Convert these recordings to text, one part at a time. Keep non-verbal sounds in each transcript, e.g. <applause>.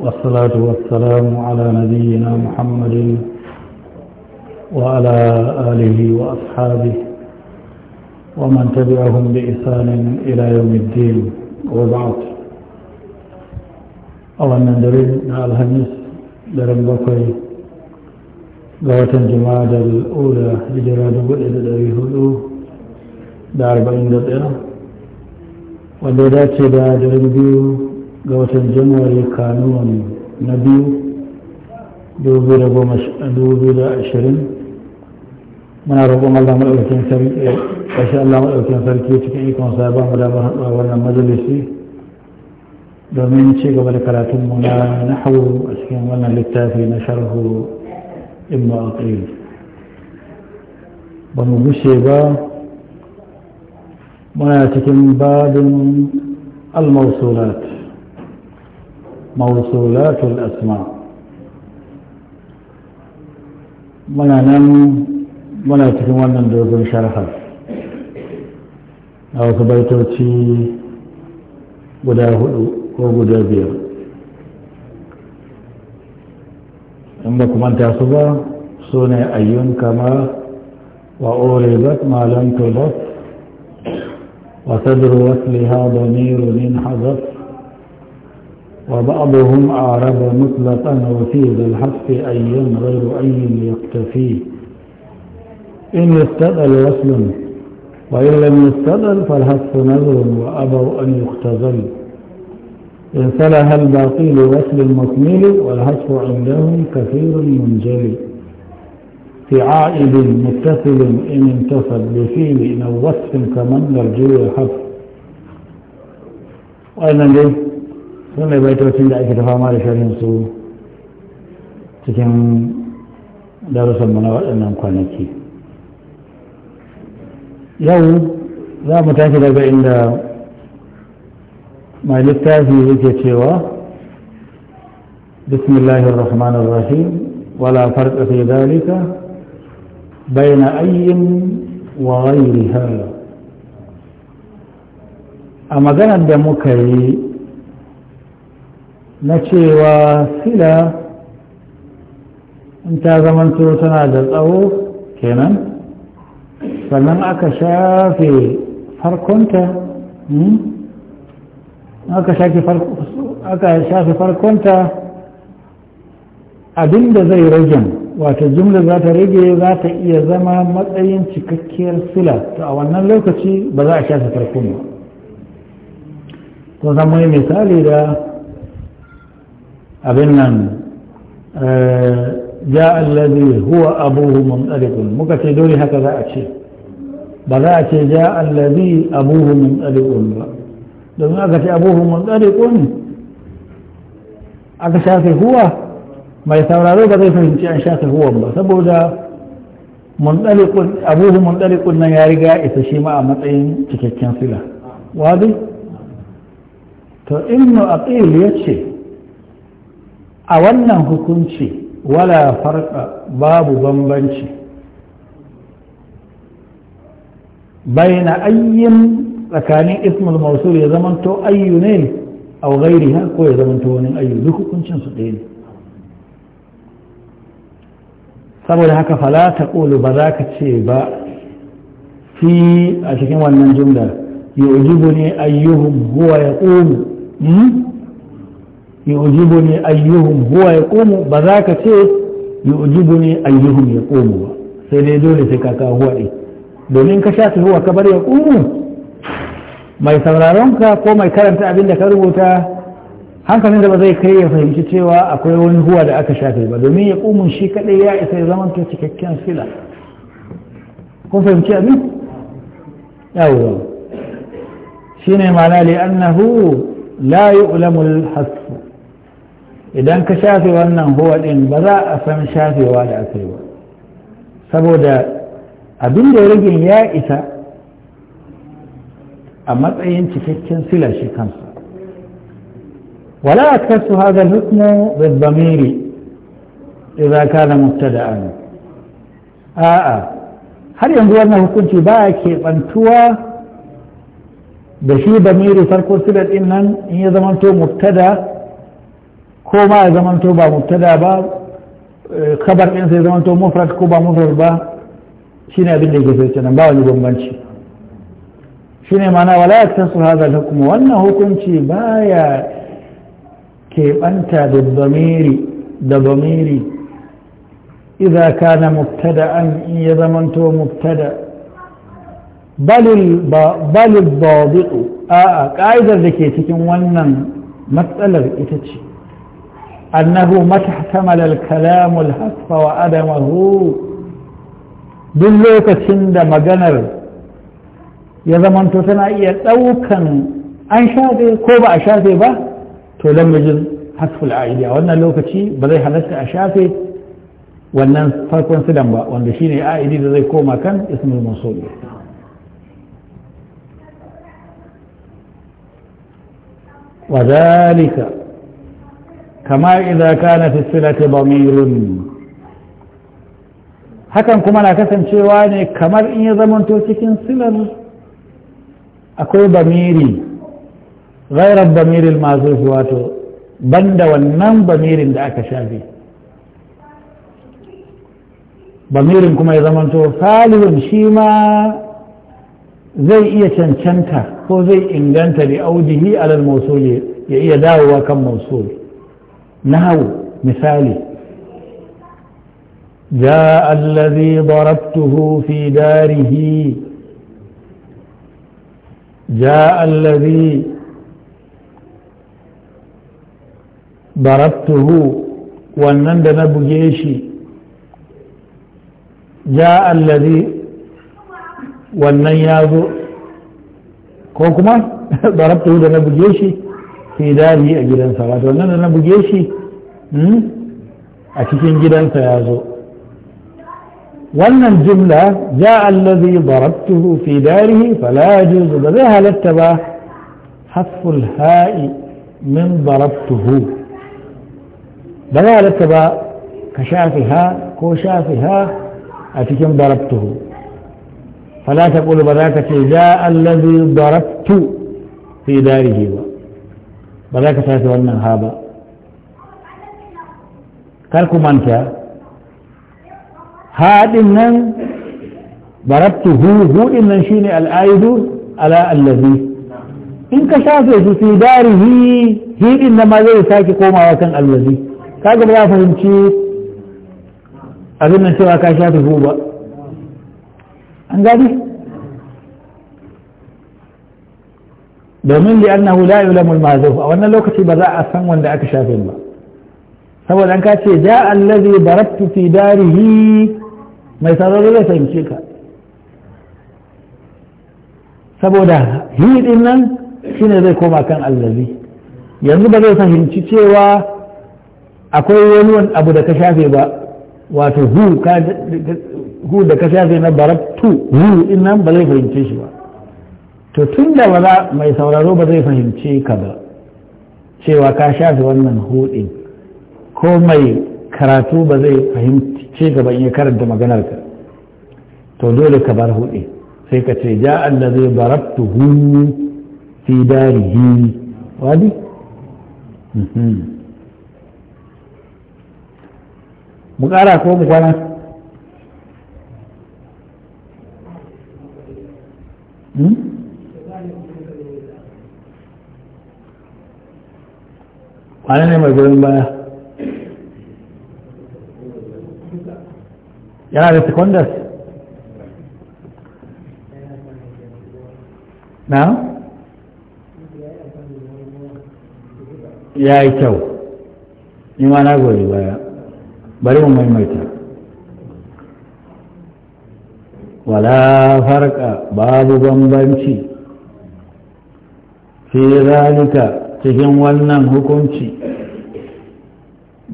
والصلاة والسلام على نبينا محمد وعلى آله وأصحابه ومن تبعهم بإحسان إلى يوم الدين وبعض أولا ندرين الهميس درن بقي قوة جماعة الأولى لجراد بئر دريه الأولى دار بين دقيقة ودرات دار بيو ga watan januwari kanuwan na biyu ashirin muna roƙon allah maɗaukakin sarki eh, ƙashi allah maɗaukakin sarki cikin ikon sa ba mu damar haɗuwa wannan majalisi domin ci gaba da karatunmu na nahawu a cikin wannan littafi na sharhu ibn aqil ba mu gushe ba muna cikin babin al-mawsulat موصولات الأسماء منا نم منا تكون من دوز شرحة أو سبيتو تي ودا هو ودا بير أما كمان تعصبا سنة كما واوردت ما لم تبط وصدر وصلها ضمير من حذف وبعضهم أعرب مطلقا وفي ذا الحق أيا غير أي يقتفي إن يستدل وصل وإن لم يستدل فالحق نذر وأبوا أن يختزل إن صلح الباقي لوصل المكمل والحق عندهم كثير منجلي في عائد متصل إن انتصب بفيل إن وصف كمن نرجو الحق وأنا ليه sun mai baitocin da ake ta fama da sharhin su cikin darussanmu na waɗannan kwanaki yau za mu tashi daga inda mai littafi yake cewa بسم الله الرحمن الرحيم ولا فرق في ذلك بين أي وغيرها da muka yi. na cewa sila in ta zamanto tana da tsawo kenan sannan aka shafe farkonta hmm? aka shafe farkonta abinda zai rage wata jumla za ta rage za ta iya zama matsayin cikakkiyar fila, to a wannan lokaci ba za a shafe farkon ba to zama misali da أبنان آه، جاء الذي هو أبوه ممتلك مكتش دوري هكذا أكشي بلا جاء الذي أبوه ممتلك لأن أكشي أبوه ممتلك أكشاك هو ما يتورى له بدي فهمت أن شاك هو الله سبب ذا ممتلك أبوه ممتلك نياريغا إتشيما أمتين تكتشان سلا وهذه فإنه أقيل يتشي a wannan hukunci wala farka babu bambanci baina ayyin tsakanin ismul mausul ya zamanto ayyu ne a gairiha ko ya zamanto wani ayyu duk hukuncin su ɗaya ne saboda haka fala ta ƙulu ba za ka ce ba fi a cikin wannan jumlar jibu ne ayyuhun huwa ya ƙulu hmm? yu'jibuni ayyuhum huwa yaqumu ba za ka ce yu'jibuni ayyuhum yaqumu ba sai dai dole sai ka kawo huwa domin ka shafi huwa ka bar yaqumu mai sauraron ko mai karanta abinda ka rubuta hankalin da ba zai kai ya fahimci cewa akwai wani huwa da aka shafe ba domin ya kumun shi kadai ya isa ya zama cikakken sila kun fahimci mana annahu idan ka shafe wannan huwa ɗin ba za a san shafewa da aka yi ba saboda abin da rigin ya isa a matsayin cikakken sila shi kansa wala a kasu haga hukmu bibbamiri idan da mubtada'an a'a har yanzu wannan hukunci ba a keɓantuwa da shi bamiri farko sila ɗin nan in ya zamanto mubtada' ko ma ya zamanto ba mubtada ba eh, khabar din sai zamanto mufrad ko ba mufrad ba shine abin da yake sai nan ba wani bambanci shine mana wala yaktasu hadha al-hukm wannan hukunci baya keɓanta da damiri da damiri idza kana mubtada'an in ya zamanto mubtada' بل الضابط a'a ƙa'idar da ke cikin wannan matsalar ita ce أنه متى احتمل الكلام الهف وأدمه دلوك سند مجنر يضمن تتنا إيا لوكا أن شاذي كوبا أشاذي با تولم جن حف العائلة وانا لوكا شي بريها لسا أشاذي وأن فرق سلم با وأن شيني آئدي لذي كوما كان اسم المنصول وذلك kama idan kana fi silati damirun hakan kuma na kasancewa ne kamar in ya zamanto cikin silar akwai bamiri ghairar bamirin masu wato banda wannan bamirin da aka shafi bamirin kuma ya zamanto salihun shi ma zai iya cancanta ko zai inganta bi audihi alal mausuli ya iya dawowa kan mausuli نهو مثالي جاء الذي ضربته في داره جاء الذي ضربته ونند جيشي جاء الذي ونن ياضو كوكما <laughs> ضربته جيشي fi dari a gidansa wato wannan da na buge shi a cikin gidansa ya zo wannan jumla ja allazi darabtuhu fi darihi fala yajuzu ba zai halatta ba hasful ha'i min darabtuhu ba zai halatta ba ka shafiha ko ha a cikin darabtuhu fala ta ba za ka ce ja allazi darabtu fi darihi ba ba za ka sake wannan ha ba kar ku manta haɗin nan barabtu hu hu nan shine al'aidu ala allazi in ka shafe su fi dari hi nan ma zai sake komawa kan allazi ga ba fahimci abin nan cewa ka shafe hu ba an gani domin li annahu la yulamul mazuf a wannan lokaci ba za a san wanda aka shafe ba saboda an ka ce ja allazi barattu fi darihi mai sarari zai fahimce ka saboda hi din nan shine zai koma kan allazi yanzu ba zai fahimci cewa akwai wani abu da ka shafe ba wato hu da ka shafe na barattu hu din nan ba zai fahimce shi ba to tun da ba mai sauraro ba zai fahimce ka ba cewa ka shafi wannan hudin ko mai karatu ba zai fahimci ka ban iya karanta maganar ka to dole ka bar hudi sai ka ce ja Allah zai barabtu hu fi darihi wadi mhm. mu kara ko mu kwana Hmm? wane ne mai gurin baya yana da secondars na ya yi kyau ni ma na gori baya bari mu maimaita wala farka babu bambanci fi zalika cikin wannan hukunci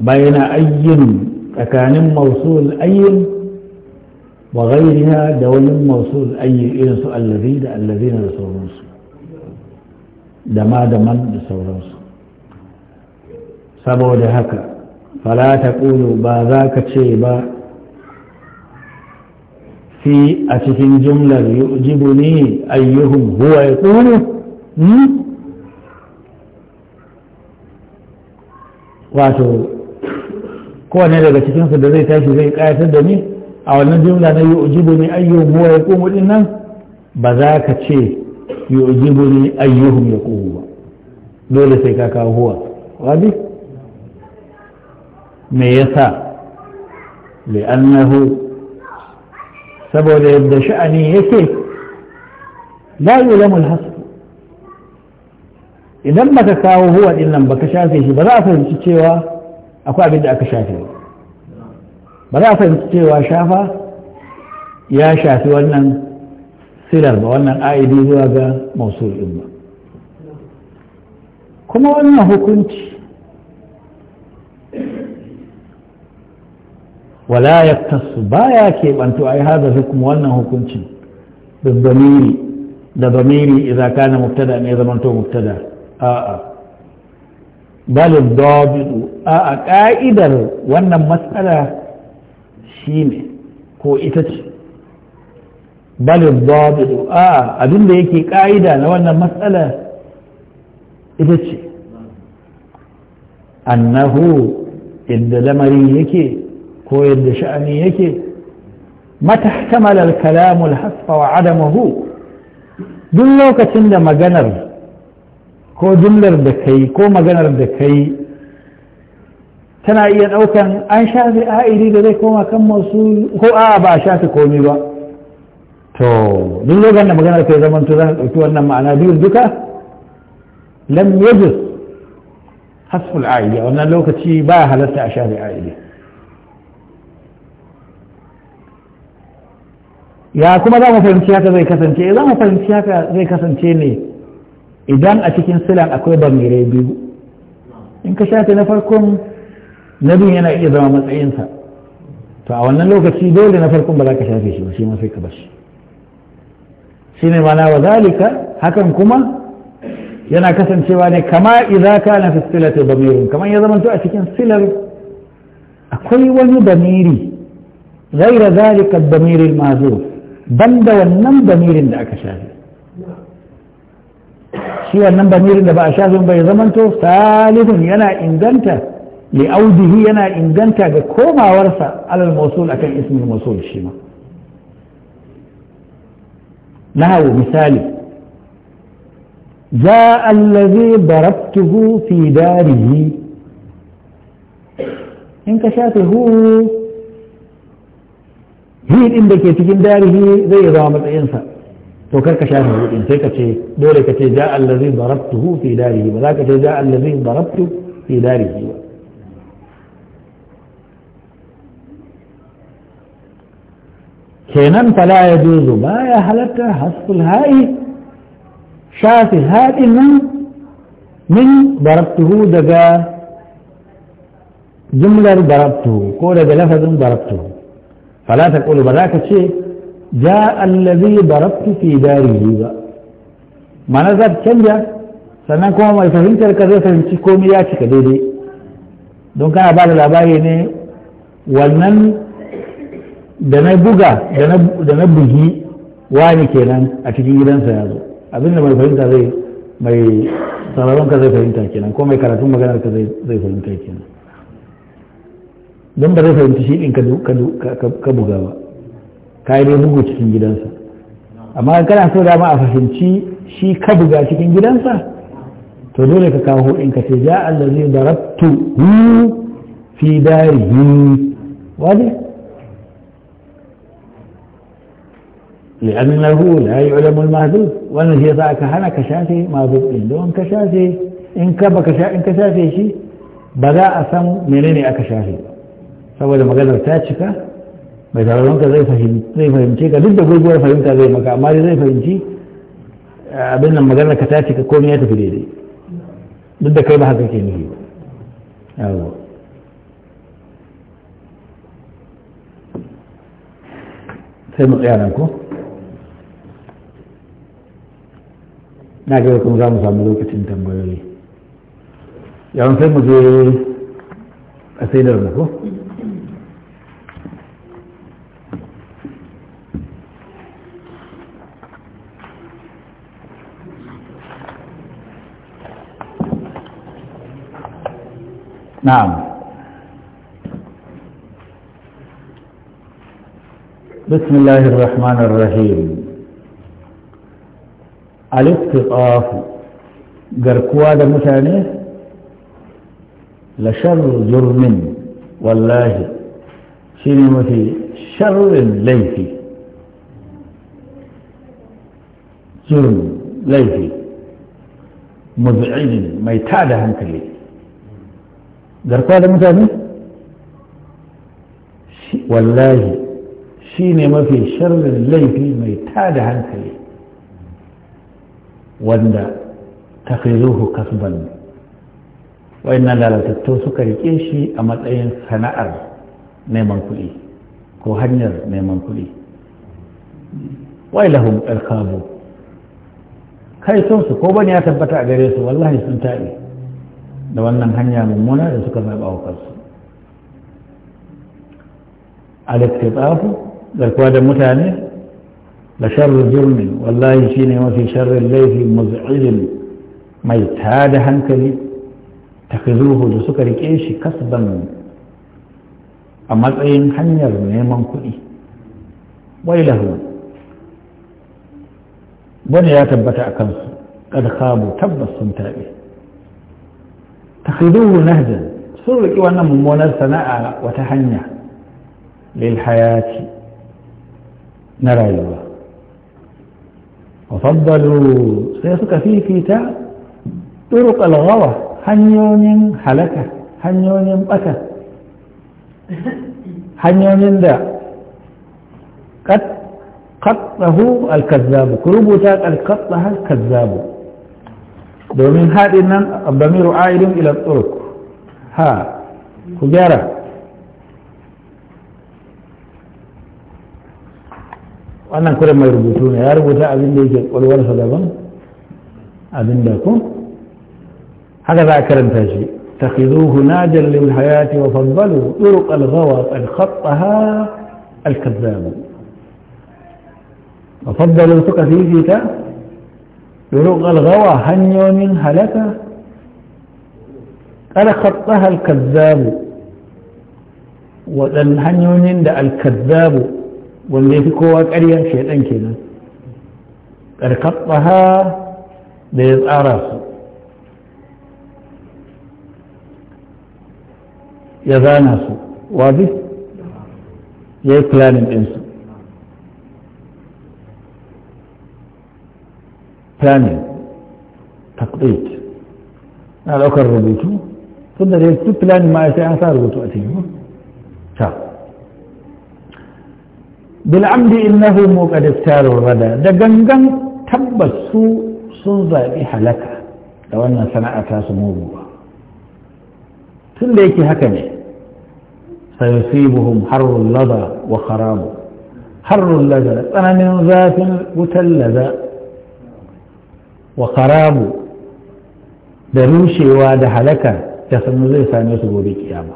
bai na ayyin tsakanin masu ayyin wa ghairiha da wani masu ayyin irin su allazi da allazina da sauransu da ma da man da sauransu saboda haka fala ta ƙulu ba za ka ce ba fi a cikin jumlar yujibu ne ayyuhun, huwa ya ƙulu hmm? wato kowane daga cikinsu da zai tashi zai kayatar da ni a wannan jumla na ujibu ni ayyuhum huwa yaqumu din nan ba za ka ce yu'jibu ni ya yaqumu ba dole sai ka kawo huwa wabi me yasa annahu saboda yadda sha'ani yake la yulamu al idan baka kawo huwa din nan baka shafe shi ba za a fahimci cewa akwai abin da aka shafe ba za a fahimci cewa shafa ya shafi wannan silar ba wannan aidi zuwa ga masu din ba kuma wannan hukunci wala ya tasu baya keɓanto ai hada hukum wannan hukuncin da zamiri da zamiri idan kana mubtada ne zamanto mubtada a'a balin dobidu a'a ka'idar wannan matsala shi ne ko ita ce balin dobidu a'a abin da yake ka'ida na wannan matsala ita ce annahu yadda lamari yake ko yadda sha'ani yake mata hamalar kalamul hasfa wa adamahu duk lokacin da maganar ko jumlar da ka yi ko maganar da ka yi tana iya ɗaukan an shafi a'iri da zai koma kan masu ko a'a ba a shafi komi ba to duk lokacin da maganar ka yi zaman to zan ɗauki wannan ma'ana biyu duka lam yajuz hasful a'iri a wannan lokaci ba halatta a shafi a'iri ya kuma za mu fahimci haka zai kasance eh, za mu fahimci haka zai kasance ne idan a cikin silan akwai bangare biyu in ka shafe na farkon na biyu yana iya zama matsayinsa to a wannan lokaci dole na farkon ba za ka shafe shi ba shi ma sai ka bashi shi ne mana wa zalika hakan kuma yana kasancewa ne kama idza na fi ta bamirin kamar ya zamanto a cikin silar akwai wani damiri ghaira zalika damiri al ban banda wannan bamirin da aka shafe shi wannan bamirin da ba a shafin bai zamanto salihun yana inganta li audihi yana inganta ga komawarsa alal mausul akan ismin mausul shi ma nahawu misali ja allazi barabtuhu fi darihi in ka shafe hu hi din da ke cikin darihi zai zama matsayinsa to karka ka shafe hudin sai ka ce dole ka ce ja allazi darabtuhu fi darihi ba za ka ce ja allazi darabtu fi darihi ba kenan fala ya juzu ba ya halatta hasul hayi shafi haɗin nan min darabtuhu daga jumlar darabtuhu ko daga lafazin darabtuhu fala ta ba za ka ce ja allazi baraktu fi darihi ba mana za ta canja sannan kuma mai fahimtar ka zai fahimci komai ya cika daidai don kana ba da labari ne wannan da na buga da na bugi wani kenan a cikin gidansa ya zo abinda mai fahimta zai mai sararon ka zai fahimta kenan ko mai karatun maganar ka zai fahimta kenan don ba zai fahimci shi ɗin ka buga ba ka dai bugu cikin gidansa amma kana so dama a fahimci shi ka buga cikin gidansa to dole ka kawo in ka ce ja allazi darabtu hu fi darihi waje لأنه لا يعلم المهدود وأن شيء ذاك هنا كشافي مهدود إن دون كشافي إن كب كشافي إن كشافي شيء بدأ أسم aka shafe saboda maganar ta cika. mai sauraron zai fahimce ka duk da gurguwar fahimta zai maka amma zai fahimci eh, abin nan magana ka tace ka komai ya tafi daidai duk da kai ba haka ke nufi yawo sai mu tsaya nan ko na ga kuma za mu samu lokacin tambayoyi yawon sai mu je a sai da ko نعم بسم الله الرحمن الرحيم الاستقاف قرقوا هذا مثاني لشر جرم والله شنو في شر ليفي جرم ليفي مزعج ميتاده انت ليه garkuwa da mutane wallahi shi ne mafi sharrin laifi mai tada hankali wanda ta zuhu kasban wa'annan lalatattu suka rike shi a matsayin sana'ar neman kuɗi ko hanyar neman kuɗi wailahum irkabu kai sun su ko ban ya tabbata a gare su wallahi sun taɓe da wannan hanya mummuna da suka zaɓa wa kansu al-iqtidafu garkuwa da mutane la sharru jurmin wallahi shine mafi sharrin laifi muz'il mai tada hankali takzuhu da suka rike shi kasban a matsayin hanyar neman kuɗi wailahu wani ya tabbata a kansu kad khabu tabbas sun taɓe تخذوه نهجا سر وانا ممونا سناء وتهنيا للحياة نرى الله وفضلوا سيسك في تاء طرق الغوة هنيون حلكة هنيون بكة هنيون دا قد قطه الكذاب كربو تاء الكذاب domin haɗin nan abdamiru aidin ila turk ha ku gyara wannan kuren mai rubutu ne ya rubuta abin da yake kwalwarsa daban abin da ku haka za a karanta shi تخذوه ناجا للحياة وفضلوا طرق الغوى قد خطها الكذاب وفضلوا سكة في بلغ الغوى هنيون هلكة قال خطها الكذاب وأن هنيون دا الكذاب واللي في قوة أريا شيئا كذا قال خطها بيضع راسه يزانا su يكلان ya ثاني تقليد انا اكرر بيته تقدر تكتب بلان ما يسعى اثار وتؤتيه شاء بالعمد انه مو قد اختار الردى دقنقن تبت سوء سنزا بها لك لو ان سنعى اثاس موضوع تنليك هكذا سيصيبهم حر اللذى وخرابه حر اللذى انا من ذات متلذى wa kharabu da rushewa da halaka da sanu zai same su gobe kiyama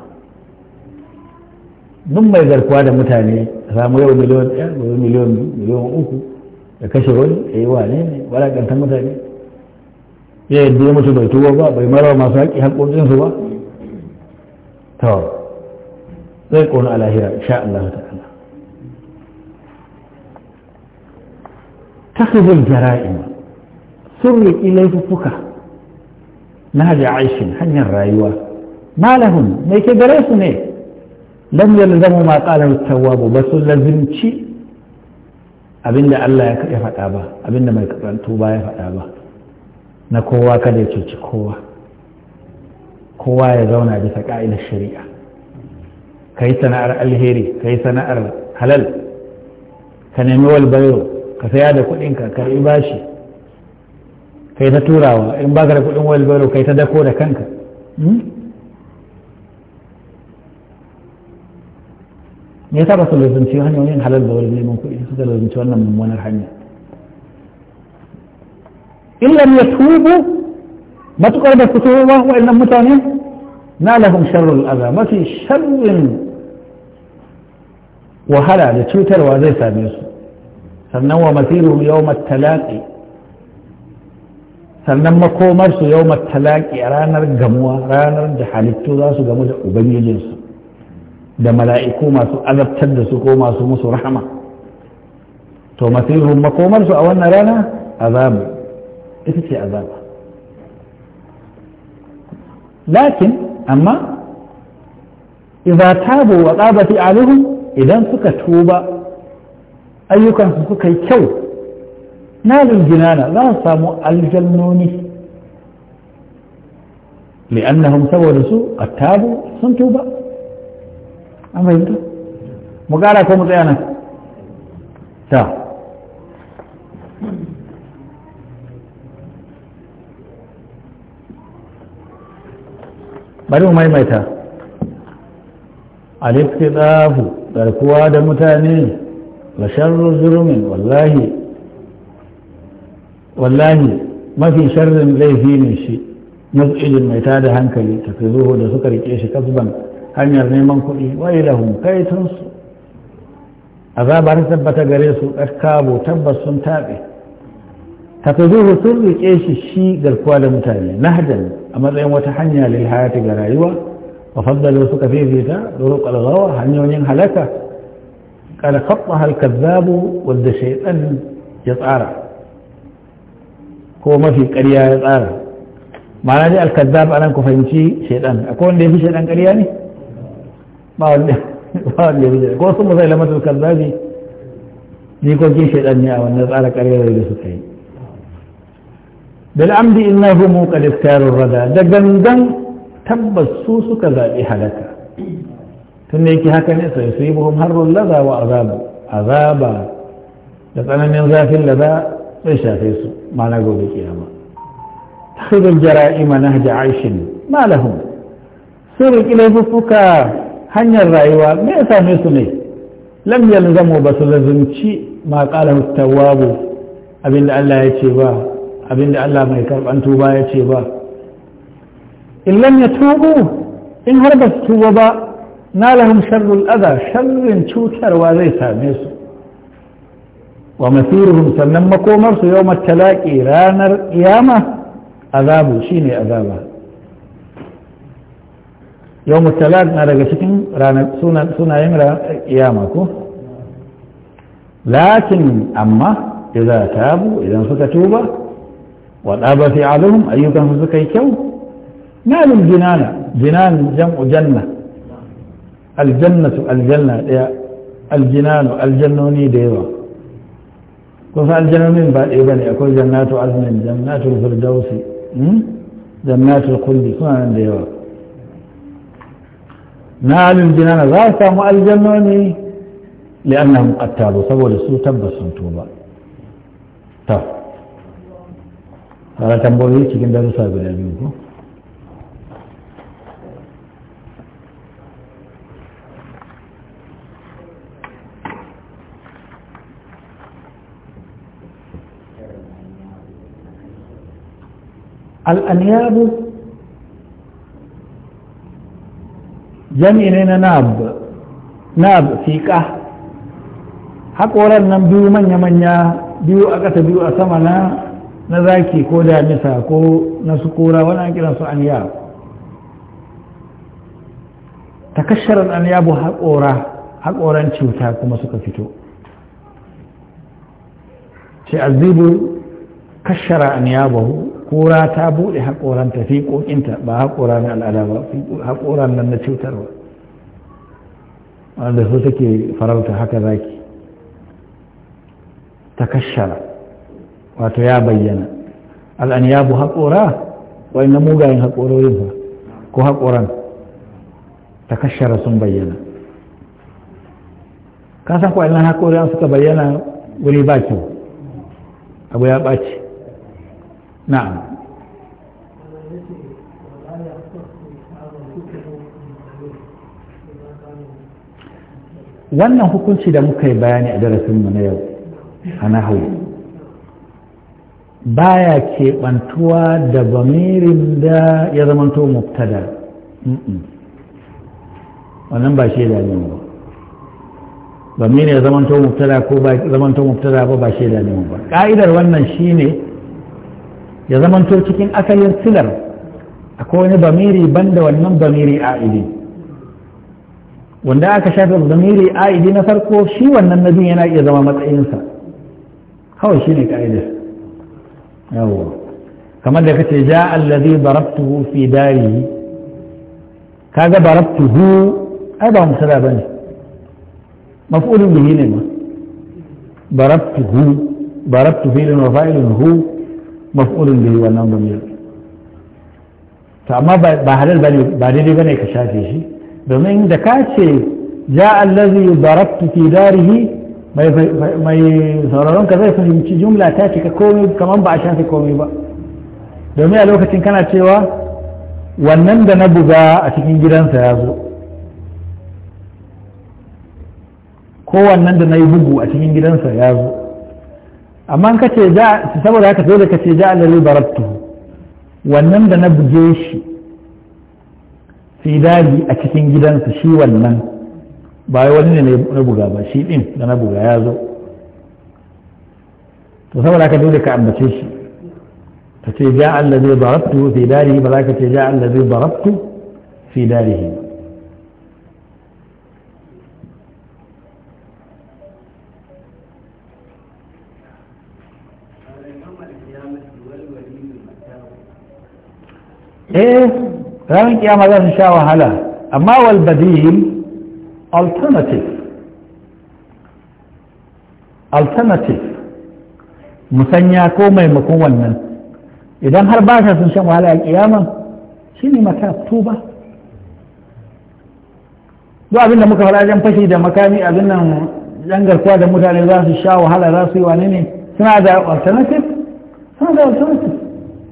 duk mai garkuwa da mutane a samu yau miliyon ɗaya gobe miliyon biyu miliyon uku da kashe wani ya yi wane ne walakantar mutane ya yadda ya mutu bai tuwo ba bai mara masu haƙi haƙoƙinsu ba to zai ƙona alahira sha Allah ta'ala ta jara'ima sun riƙi laifuffuka na haja aishin hanyar rayuwa malahun mai ke gare su ne lam yalzamu ma qala tawwabu ba su lazimci abinda Allah ya faɗa ba abinda mai karanto ba ya faɗa ba na kowa kada ya cuci kowa kowa ya zauna bisa ƙa'idar shari'a ka yi sana'ar alheri ka yi sana'ar halal ka nemi walbayo ka saya da kuɗinka ka yi bashi kai ta turawa in ba ka da kudin wayar bello kai ta dako da kanka ne ta ba su lazumci hanyoyin halal da wani neman kuɗi suka lazumci wannan mummunar hanya illam ya tubu matukar da fito ba wa'annan mutane na lahum sharrul aza mafi sharrin wahala da cutarwa zai same su sannan wa masiru yawmat talaqi sannan makomarsu yau matalaki a ranar gamuwa ranar da halittu za su gamu da ubangijinsu da mala'iku masu azabtar da su ko masu musu rahama to masirun makomarsu a wannan rana azabu ita ce azaba lakin amma idza tabu wa tsabati alihum idan suka tuba ayyukansu suka yi kyau nalin jinana za su samu aljannoni li'annahum saboda su attabu sun tuba an fahimta mu gara ko mu tsayana. ta bari mu maimaita aliftidafu garkuwa da mutane la sharru zulumin wallahi wallahi mafi sharrin laifi ne shi muzilin mai tada hankali tafi zuhu da suka rike shi kasban hanyar neman kuɗi wai lahum kaitunsu azaba ta tabbata gare su kabo tabbas sun taɓe tafi zuhu sun rike shi shi garkuwa da mutane nahdan a matsayin wata hanya lil hayati ga rayuwa wa faddalu suka fifita ruruq al hanyoyin halaka qad khattaha al-kadhdhabu wadda shaytan ya tsara ko mafi ƙarya ya tsara ma'ana dai alkazzab anan ku fahimci shaidan akwai wanda ya fi shaidan ƙarya ne ba wanda ya fi shaidan ko sun musai lamatar kazzabi jikokin shaidan ne a wannan tsara ƙarya da suka yi bil amdi innahu muqad iftarur rada da gangan tabbas su suka zaɓi halaka tun da yake haka ne sai su yi buhum harrun laza wa azabu azaba da tsananin zafin laza zai shafe su mana gobe kiyama takhidul jara'ima na nahja aishin ma lahum sirri ilaifuka hanyar rayuwa me ya same su ne lam yalzamu basu lazumci ma qala tawabu abinda Allah ya ce ba abinda Allah mai karban tuba ya ce ba in lam yatubu in har su tuba ba na lahum sharrul adha sharrin cutarwa zai same su ومسيرهم سنن مكومر يوم التلاقي رانر قيامة أذابه شيني أذابه يوم التلاقي ما رجع رانر سونا سونا يمر قيامة لكن أما إذا تابوا إذا نسوك توبة والاب في عالهم أيوك نسوك يكو ما الجنان جنان جمع جنة الجنة الجنة الجنان الجنوني ديوه فالجنة من بعد إذن إيه يقول جنات عزم جنات الفردوسي جنات الخلد كما عندي هو نال نعم، الجنان غاسة مؤلجنون لأنهم قد تابوا سبوا لسوء تبسوا توبا طب هذا تنبوه يتكين درسا بلا يجوكم al'anyabu jami ne na nab fiƙa haƙoran nan biyu manya-manya biyu a ƙasa biyu a sama na na zaki ko damisa ko na sukura wani an kiransu anyabu takasharar anyabu haƙora haƙoran cuta kuma suka fito ce azibu kashara anyabahu kura ta buɗe haƙoranta fi ƙoƙinta ba haƙora na al'ada ba haƙora nan na cutarwa wanda su take farauta haka zaki ta kashara wato ya bayyana al'an ya bu haƙora wani na mugayen haƙororin ko haƙoran ta kashara sun bayyana kasan kwanan haƙoran suka bayyana wuri ba kyau abu ya ɓaci نعم wannan hukunci da muka yi bayani a darasinmu na yau a nahawu baya keɓantuwa da bamirin da ya zamanto mubtada wannan ba shi da ne ba bamirin ya zamanto mubtada ko ba zamanto mubtada ba ba da ne ba ka'idar wannan shine ya zamanto cikin asalin silar akwai wani bamiri banda wannan bamiri a'idi wanda aka shafe bamiri a'idi na farko shi wannan nabin yana iya zama matsayinsa kawai shi ne ka'idar yawon kamar da ka ce ja allazi barabtuhu fi dari kaga barabtuhu ai ba musala bane maf'ulun bihi ne ma barabtuhu barabtu fi'lun wa fa'ilun hu maf'ulun bihi wannan damir to amma ba halal bane ba daidai bane ka shafe shi domin da ka ce ja allazi darabtu fi darihi mai sauraron ka zai fahimci jumla ta ka komai kamar ba a shafe komai ba domin a lokacin kana cewa wannan da na buga a cikin gidansa ya zo ko wannan da na yi bugu a cikin gidansa ya zo amma ka ce saboda haka dole ka ce ja alladhi darabtu wannan da na buge shi fi daji a cikin gidansa shi wannan ba wani ne na buga ba shi ɗin da na buga ya zo to saboda haka dole ka ambace shi ka ce ja alladhi darabtu fi darihi ba za ka ce ja da zai fi darihi ba ايه فهم يا مدار ان شاء الله هلا اما هو البديل alternative alternative مسنيا كوما يمكون ونن اذا هل باشا سنشم هلا القيامة شيني مكا توبة دو اذن مكا فلا اجن فشيدة مكاني اذن ينقر قوة مدار ان شاء الله هلا راسي وانيني سنعذا alternative سنعذا alternative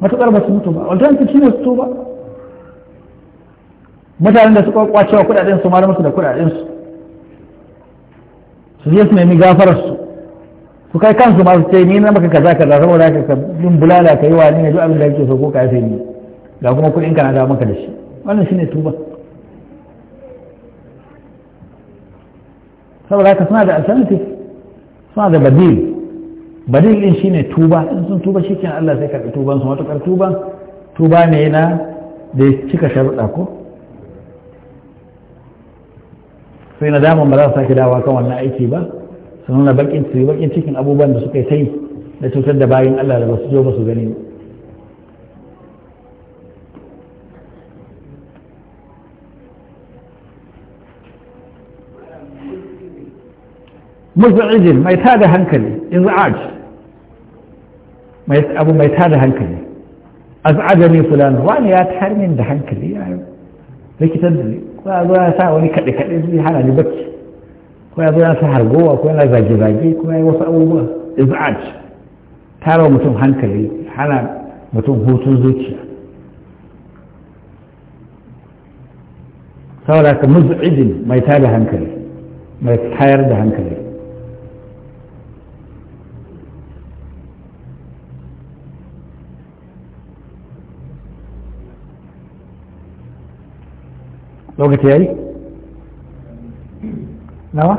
matuƙar ba su mutu ba alternative shi ne su tuba ba mutanen da suka wa kudaden su mara musu da kudaden su su je su nemi gafarar su su kai kansu masu ce ni na maka kaza kaza saboda haka ka bin bulala ka yi wani ne duk abin da yake so ko ka yi sai ni ga kuma kuɗin ka na da maka da shi wannan shine tuba saboda haka suna da alternative suna da badili badil din shine tuba in sun tuba shikenan Allah sai karɓi tuban su matuƙar tuban tuba ne na da cika sharuɗa ko sai na dama ba za su sake dawa kan wannan aiki ba su nuna bakin su cikin abubuwan da suka yi ta da cutar da bayan Allah da ba su zo ba su gani مزعجل ما يتهادى هنكلي انزعاج ما يت... ابو ما يتهادى هنكلي ازعجني فلان وانا يا تحرمين ده هنكلي يعني ليك تدري واقول انا ساوني كدي كدي زي حالا لي بك انا سهر جوا واقول زاجي زاجي واقول وصا اول ازعاج تارو متوم هنكلي حالا متوم هوتو زيتش سوالك مزعجل ما يتهادى هنكلي ما يتحير ده lokaci yayi nawa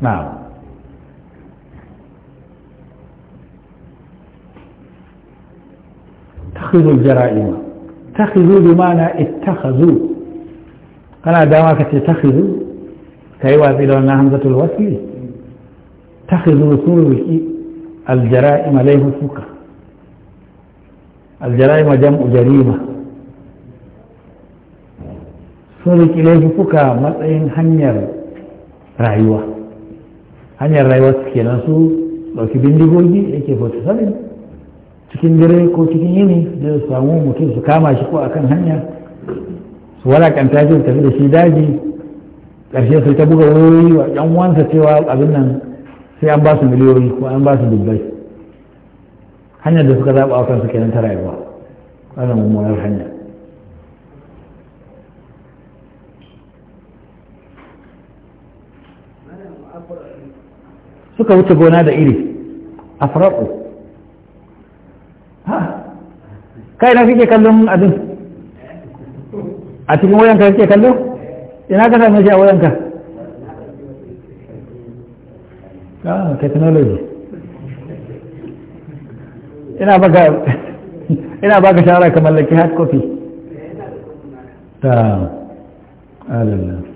na'am اتخذوا الجرائم اتخذوا بمعنى اتخذوا أنا دعوك تتخذوا كيوا إلى أن همزة الوصل اتخذوا سوء الجرائم ليه سكر الجرائم جمع جريمة sun riƙi kuka matsayin hanyar rayuwa hanyar rayuwa su kenan su ɗauki bindigogi yake fata sabin cikin dare ko cikin yini da su samu mutum su kama shi ko akan hanya su walakanta shi tafi da shi daji ƙarshe su ta buga wayoyi wa yan wansa cewa abin nan sai an ba su miliyoyi ko an ba su dubbai hanyar da suka zaɓa wa kansu kenan ta rayuwa wannan mummunar hanyar. suka wuce gona da iri a faraƙo kai na kake kallon abin a cikin wayanka kake kallo ina ka same shi a wayanka ah technology ina baka <laughs> ina baka shawara ka mallaki hard copy ta alallah